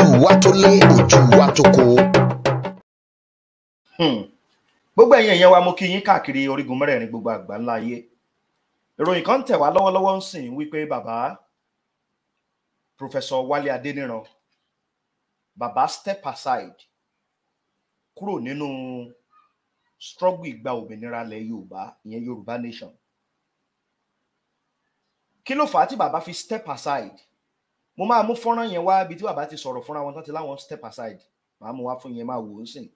ojú wa tó lé ojú wa tó kó. Hmm. gbogbo ẹ̀yin ẹ̀yẹ wa mo kí yín káàkiri orígun mẹ́rẹ̀ẹ̀rin gbogbo àgbà ńlá ayé ìròyìn kan ń tẹ̀ wá lọ́wọ́lọ́wọ́ ń sìn wípé bàbá Professor Wálé Adéníran bàbá step aside kúrò nínú struggle ìgbà òmìnira ilẹ̀ Yorùbá ìyẹn Yorùbá nation kí ló fà á tí bàbá fi step aside mo máa mú fọ́nrán yẹn wá ibi tí bàbá ti sọ̀rọ̀ fúnra wọn tán ti láwọn step aside màá mú wá fún yẹn máa wò ó sìn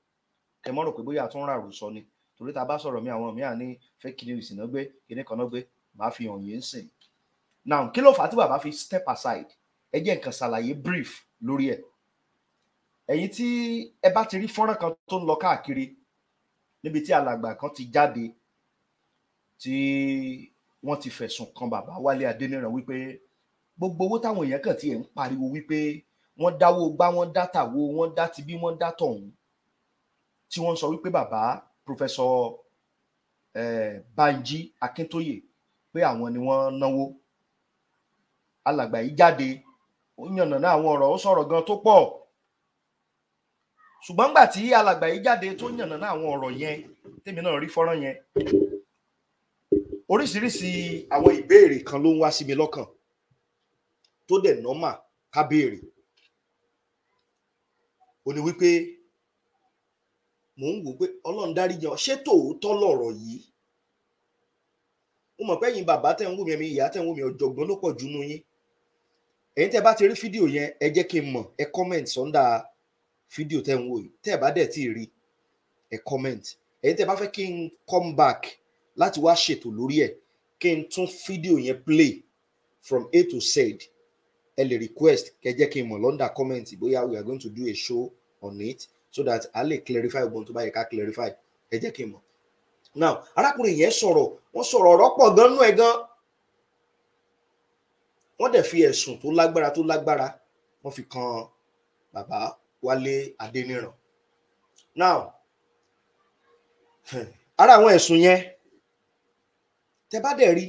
kẹ mọ́ rò pé bóyá àtúnrà rò sọ ni torí tá a bá sọ̀rọ̀ mi àwọn míì ní fake news náà gbé kíní kan náà gbé màá fi hàn yín sìn now kí ló fà á tí bàbá fi step aside ẹ jẹ́ nǹkan ṣàlàyé brief lórí ẹ̀ ẹ̀yin tí ẹ bá ti rí fọ́nrán kan tó ń lọ káàkiri níbi tí alàgbà kan ti jáde tí wọ́n ti fẹ̀sùn kan bàbá Wálé Adéníran wípé gbogbo owó táwọn èèyàn kàn tiẹ̀ ń pariwo wípé wọ́n dáwó gbá wọ́n dá tàwo wọ́n dá tibí wọ́n dá tọ̀hún tí wọ́n sọ wípé bàbá pòfẹ́sọ̀ Banji Akíntóyè pé àwọn ni wọ́n náwó alàgbà yìí jáde ó yànnàná àwọn ọ̀rọ̀ ó sọ̀rọ̀ gan tó pọ̀ ṣùgbọ́n gbà tí alàgbà yìí jáde tó yànnàná àwọn ọ̀rọ̀ yẹn tèmi náà rí fọ́nrán yẹn oríṣiríṣi àwọn ìbéèrè kan ló ń wá sí mi lọ́kàn tó dẹ̀ nọ́mà ká béèrè ó ní wípé mò ń wò pé ọlọ́run dáríjì ṣé tòótọ́ lọ̀rọ̀ yìí mo mọ̀ pé ẹ̀yin bàbá tẹ̀ ń wò mí ẹ̀mí ìyá tẹ̀ ń wò mí ọ̀jọ̀gbọ́n ló pọ̀ jù nú yín ẹ̀yin tẹ́ bá ti rí fídíò yẹn ẹ jẹ́ kí n mọ̀ ẹ comment sọ́ndà fídíò tẹ́ ń wò yìí tẹ́ ẹ bá dẹ̀ tí ì rí ẹ comment ẹ̀yin tẹ́ bá fẹ́ kí n come back láti wá ṣètò lórí ẹ̀ kí n tún fídíò yẹn play from A to Z ẹ lè request kẹ jẹ́ kí n mọ̀ lọ́ndà comment bóyá we are going to do a show on it so that a lè clarify ogun tó bá yẹ ká clarify ẹ jẹ́ kí n mọ̀. now arákùnrin yẹn sọ̀rọ̀ wọ́n sọ̀rọ̀ ọ̀rọ̀ pọ̀ gan nú ẹ̀ gan wọ́n dẹ̀ fi ẹ̀sùn tó lágbára tó lágbára wọ́n fi kan bàbá Wálé Adéníran now ara àwọn ẹ̀sùn yẹn tẹ bá dẹ̀ rí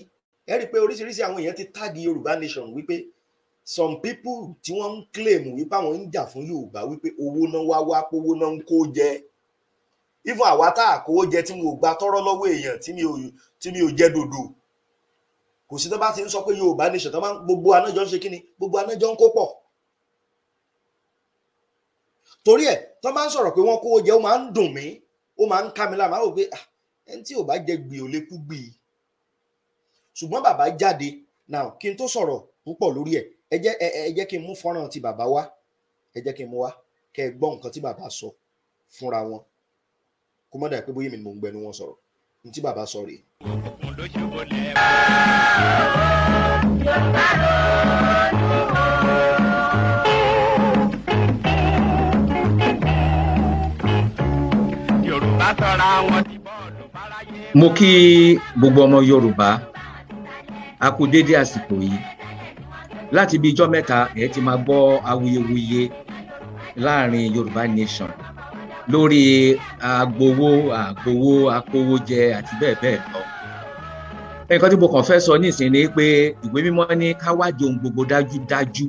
ẹ rí i pé oríṣiríṣi àwọn èèyàn ti táàgì Yorùbá Nation wípé some people tí wọ́n ń claim wípé àwọn ń jà fún Yorùbá wípé owó náà wá wá pówó náà ń kó jẹ even àwa tá àkówó jẹ tí mi ò gba tọrọ lọ́wọ́ èèyàn tí mi ò jẹ dòdò kò sí tó bá ti ń sọ pé Yorùbá nation tó máa ń gbogbo anájọ ń ṣe kí ni gbogbo anájọ ń kó pọ̀ torí ẹ̀ tó máa ń sọ̀rọ̀ pé wọ́n kówó jẹ ó máa ń dùn mí ó máa ń ká mi láàmú àwọn òpé ẹni tí ò jẹ gbì ò lè kú gbì ṣùgbọ́n bàbá jáde now kí n tó sọ̀rọ̀ púpọ̀ lórí ẹ̀ ẹ jẹ́ ẹ jẹ́ kí n mú fọ́nrán ti bàbá wá ẹ jẹ́ kí n mú wá kẹ́ ẹ gbọ́ nǹkan tí bàbá sọ fúnra wọn kó mọ́ dà pé bóyá èmi mò ń gbẹnu wọn sọ̀rọ̀ ní tí bàbá sọ rèé. Yorùbá sọra wọn ti bọ́ọ̀lù fáráyé. mo kí gbogbo ọmọ Yorùbá a kú déédéé àsìkò yìí láti bí ijọ́ mẹ́ta ẹ ti máa gbọ́ awuyewuye láàrin Yorùbá Nation lórí agbowó agbowó akówójẹ àti bẹ́ẹ̀ bẹ́ẹ̀ lọ nǹkan tí mo kàn fẹ́ sọ nísìnyí ni pé ìwé mímọ́ ní ká wádìí ohun gbogbo dájúdájú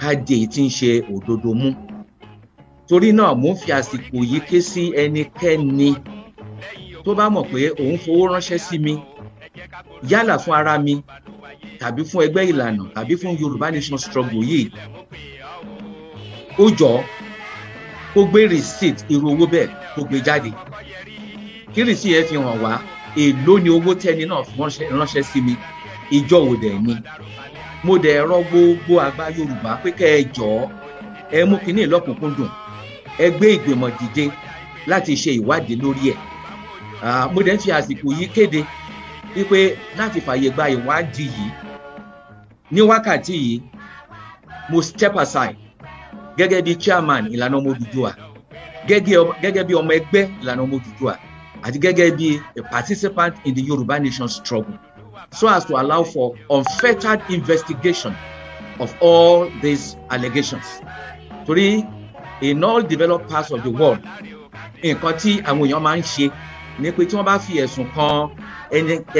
ká di èyí tí ń ṣe òdodo mú torí náà mò ń fi àsìkò yìí ké sí ẹnikẹ́ni tó bá mọ̀ pé òun fowó ránṣẹ́ sí mi yálà fún ara mi tàbí fún ẹgbẹ́ ìlànà tàbí fún Yorùbá Nation struggle yìí ó jọ kó gbé receipt irú owó bẹ́ẹ̀ kó gbé jáde kí receipt yẹn fi hàn wá èló ni owó tẹ́ni náà ránṣẹ́ sí mi ìjọ ò dẹ̀ ni mo dẹ̀ rọ̀ gbogbo àgbà Yorùbá pé kẹ́ ẹ jọ̀ọ́ ẹ mú kínní lọ́kùnkúndùn ẹ gbé ìgbìmọ̀ dìde láti ṣe ìwádìí lórí ẹ̀ mo dẹ̀ ń fi àsìkò yìí kéde wípé láti fààyè gba ìwádìí yìí ní wákàtí yìí mo step aside gẹ́gẹ́ bí chairman ìlànà ọmọ Odùduwà gẹ́gẹ́ bí ọmọ ẹgbẹ́ ìlànà ọmọ àti gẹ́gẹ́ bí a participant in the Yoruba nation struggle so as to allow for unfettered investigation of all these allegations Three in all developed parts of the world nǹkan tí àwọn èèyàn máa ń ṣe ni pé tí wọ́n bá fi ẹ̀sùn kan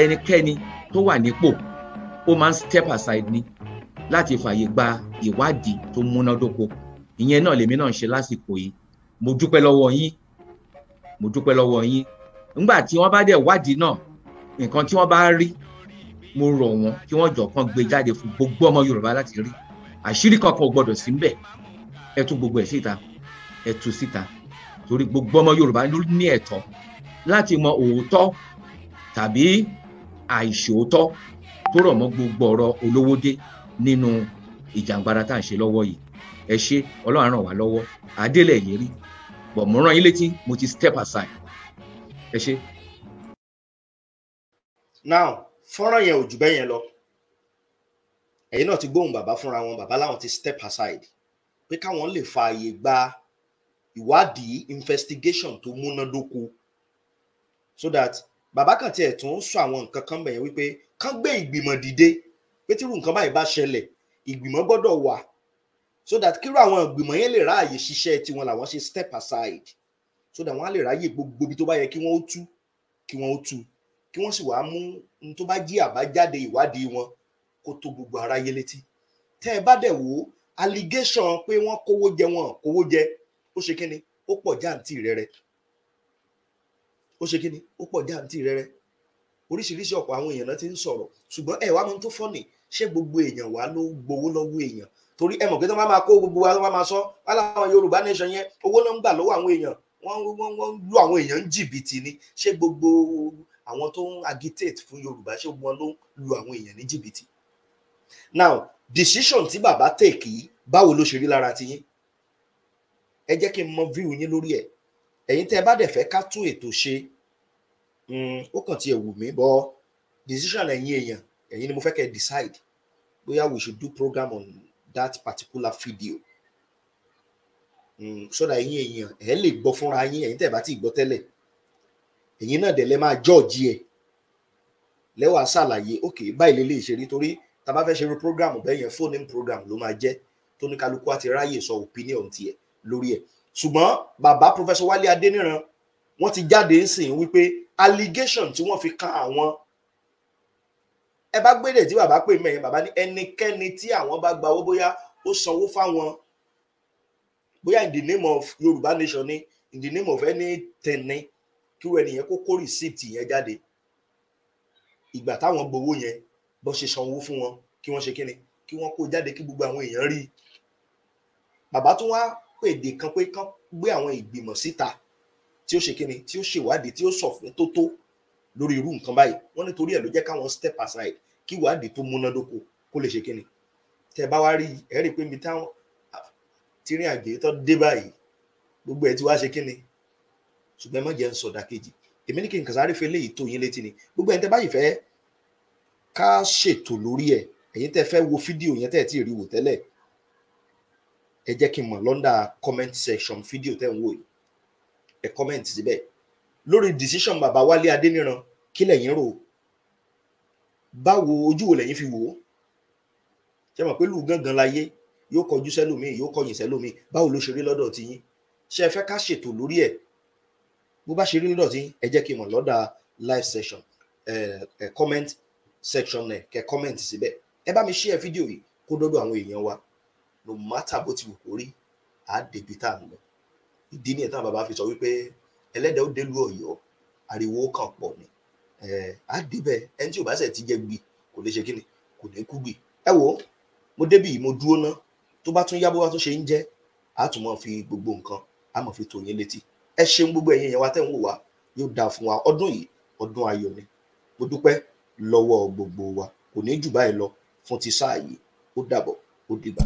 ẹnikẹ́ni tó wà nípò ó máa ń step aside ni láti fààyè gba ìwádìí tó múnádóko ìyẹn náà lèmi náà ń ṣe lásìkò yìí mo dúpẹ́ lọ́wọ́ yín mo dúpẹ́ lọ́wọ́ yín nígbà tí wọ́n bá dẹ̀ wádìí náà nǹkan tí wọ́n bá rí mo rọ̀ wọ́n kí wọ́n jọ kàn gbé jáde fún gbogbo ọmọ Yorùbá láti rí àṣírí kankan ò sí ńbẹ̀ ẹ gbogbo ẹ̀ síta ẹ síta torí gbogbo ọmọ Yorùbá ló ní ẹ̀tọ́ láti mọ òótọ́ tàbí àìṣòótọ́ tó rọ̀ mọ́ gbogbo ọ̀rọ̀ olówódé nínú ìjàngbara tá à ń ṣe lọ́wọ́ yìí ẹ ṣe ọlọ́run ràn wá lọ́wọ́ àdélẹ̀ yìí rí bọ̀ mo rán yín létí mo ti step aside ẹ ṣe. now fọ́nrán yẹn ò jù bẹ́ẹ̀ yẹn lọ ẹ̀yin náà ti gbóhùn bàbá fúnra wọn bàbá láwọn ti step aside pé káwọn lè fààyè gba ìwádìí investigation tó múnádóko so that bàbá kan tiẹ̀ tún sọ àwọn nǹkan kan bẹ̀yẹn wípé kán gbé ìgbìmọ̀ dìde pé tírú nǹkan báyìí bá ṣẹlẹ̀ ìgbìmọ̀ gbọ́dọ̀ wà so that kírú àwọn ìgbìmọ̀ yẹn lè ráàyè ṣiṣẹ́ tiwọn làwọn ṣe step aside so that wọ́n á lè ráàyè gbogbo ibi tó bá yẹ kí wọ́n ó tú kí wọ́n ó tú kí wọ́n sì wá mú n tó bá jí àbájáde ìwádìí wọn kó tó gbogbo aráyé létí tẹ́ ẹ bá dẹ̀ wò ó allegation pé wọ́n kówó jẹ wọn kówó jẹ ó ṣe kíni ó pọ̀ jáǹtì rẹ̀ rẹ̀ ó ṣe kíni ó pọ̀ jáǹtì rẹ́rẹ́ oríṣiríṣi ọ̀pọ̀ àwọn èèyàn náà ti ń sọ̀rọ̀ ṣùgbọ́n ẹ̀ wá mú tó fọ́nì ṣé gbogbo èèyàn wá ló gbowó lọ́wọ́ èèyàn torí ẹ mọ̀ pé tó máa kó gbogbo wa tó máa sọ wálá Yorùbá nation yẹn owó náà ń gbà lọ́wọ́ àwọn èèyàn wọ́n wọ́n wọ́n lu àwọn èèyàn ń jìbìtì ni ṣé gbogbo àwọn tó ń agitate fún Yorùbá ṣé gbogbo wọn ló lu àwọn èèyàn ní jìbìtì now decision tí bàbá take yìí báwo ló ṣe rí lára tiyín ẹ jẹ́ kí n mọ view yín lórí ẹ̀ ẹ̀yin tẹ́ bá dẹ̀ fẹ́ ká tún ètò ṣe Hmm, ó kàn tiẹ̀ wù mí bọ́ decision ẹ̀yin èèyàn ẹ̀yin ni mo fẹ́ kẹ́ decide bóyá we should do program on that particular video hmm, sọ́dà ẹ̀yin èèyàn ẹ̀ lè gbọ́ fúnra yín ẹ̀yin tẹ̀ bá ti gbọ́ tẹ́lẹ̀ ẹ̀yin náà dẹ̀ lẹ́ máa jọ́ọ̀jì ẹ̀ lẹ́wọ̀ á ṣàlàyé ok báyìí lè lè ṣe rí torí tá a bá fẹ́ ṣe irú program bẹ́ẹ̀ yẹn phone in program ló máa jẹ́ tóníkálukú àti ráyè sọ opinion tiẹ̀ lórí ẹ̀ ṣùgbọ́n bàbá professor Wálé Adéníran wọ́n ti jáde ń sìn wípé allegation tí wọ́n fi kan àwọn ẹ bá gbédè tí bàbá pè mẹ́yìn bàbá ní ẹnikẹ́ni tí àwọn bá gba owó bóyá ó sanwó fáwọn bóyá in the name of Yorùbá nation ni in the name of anything ni kí wọ́n ẹnìyẹn kó kó receipt yẹn jáde ìgbà táwọn gbowó yẹn bó ṣe sanwó fún wọn kí wọ́n ṣe kí ni kí wọ́n kó jáde kí gbogbo àwọn èèyàn rí i bàbá tún wá pèdè kan pé kán gbé àwọn ìgbìmọ̀ síta. Si tí ó ṣe kíni tí ó ṣèwádìí tí ó sọ̀fẹ́ tó tó lórí irú nǹkan báyìí wọ́n nítorí ẹ̀ ló jẹ́ káwọn step aside kí ìwádìí tó múnádóko kó lè ṣe kíni tẹ́ bá wá rí ẹ rí i pé mi táwọn tírín àgbè tó dé báyìí gbogbo ẹ ti wá ṣe kíni ṣùgbọ́n ẹ má jẹ́ ń sọ̀dà kejì èmi ní kí n kàsáré fẹ́ léyìí tó yín létí ni gbogbo ẹ̀ tẹ́ báyìí fẹ́ ká ṣètò lórí ẹ̀ ẹ̀yin tẹ́ fẹ́ wo fídíò yẹn tẹ́ ti rí wò tẹ́lẹ̀ ẹ jẹ́ kí n mọ̀ lọ́ndà comment section fídíò tẹ́ ń wò yìí ẹ kọ́mẹ̀ntì síbẹ̀ lórí decision bàbá Wálé Adéníran kí lẹ̀yin rò báwo ojú wo lẹ̀yin fi wò ó ṣe mọ̀ pé lù gángan láyé yóò kọjú sẹ́lòmíì yóò kọyìn sẹ́lòmíì báwo ló ṣe rí lọ́dọ̀ tiyín ṣé ẹ fẹ́ ká ṣètò lórí ẹ̀ bó bá ṣe rí lọ́dọ̀ tiyín ẹ jẹ́ kí n mọ̀ lọ́dà live session ẹ ẹ comment section ẹ kẹ comment síbẹ̀ ẹ bá mi share fídíò yìí kó dọ́dọ̀ àwọn èèyàn wa no matter bó ti wù kó rí àá débi tá à ń lọ ìdí nìyẹn táwọn bàbá fi sọ wípé ẹlẹ́dẹ̀ ó délùú ọ̀yọ́ ariwo kan pọ̀ ni á débẹ̀ ẹni tí ò bá ṣe ti jẹ gbi kò lè ṣe kí ni kò ní kú gbi ẹ wo mo débi yìí mo dúró ná tó bá tún yá bó bá tún ṣe ń jẹ́ á tún mọ̀ fi gbogbo nǹkan á mọ̀ fi tó yín létí ẹ ṣeun gbogbo ẹ̀yin èèyàn wa tẹ̀ ń wò wá yóò dáa fún wa ọdún yìí ọdún ayọ̀ ni mo dúpẹ́ lọ́wọ́ gbogbo wa kò ní jù báyìí lọ fún ti sáà yìí ó dàbọ̀ ó dìgbà.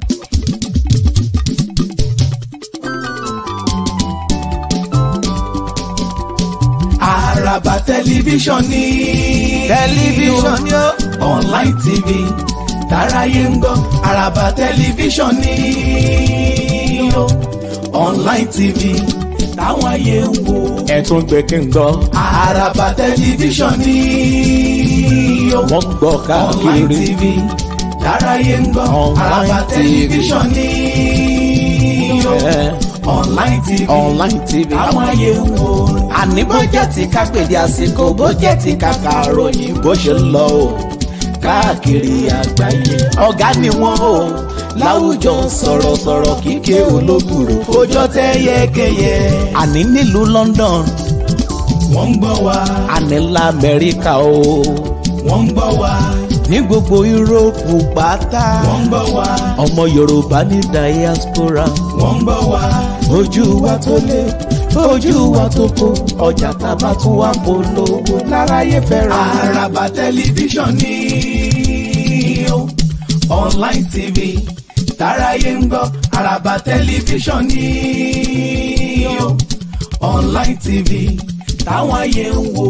tẹlifíṣàn ni. tẹlifíṣàn ni ó. online tv tàráyé ń gbọ́ àràbà tẹlifíṣàn ni online tv táwọn ayé ń wo. ẹ̀tún gbẹ̀kẹ̀ ń gbọ́. àràbà tẹlifíṣàn ni wọ́n gbọ́ káàkiri. online tv tàráyé ń gbọ́ àràbà tẹlifíṣàn ni ó online tv online tv àwọn ayé ń wo àní bó jẹ́ ti ká pèdé àsìkò bó jẹ́ ti ká ka ròyìn bó ṣe ń lọ o káàkiri àgbáyé ọ̀gá ni wọ́n o láwùjọ sọ̀rọ̀sọ̀rọ̀ kíkẹ́ olóbùrò ojọ́ tẹ́ yẹ́kẹ́yẹ. àní nílùú London wọ́n ń gbọ́ wa. àní la Amẹ́ríkà o wọ́n ń gbọ́ wa ní gbogbo yúróòpù pátá. wọ́n ń wá. ọmọ yorùbá ní diaspora. wọ́n ń wá. ojú wa tó lé ojú wa tó kó ọjà tábà tún wá polówó láráyé fẹ́ràn. àràbà tẹlifíṣàn ni ó online tv táráyé ń gbọ́ àràbà tẹlifíṣàn ni ó online tv táwọn ayé ń wò.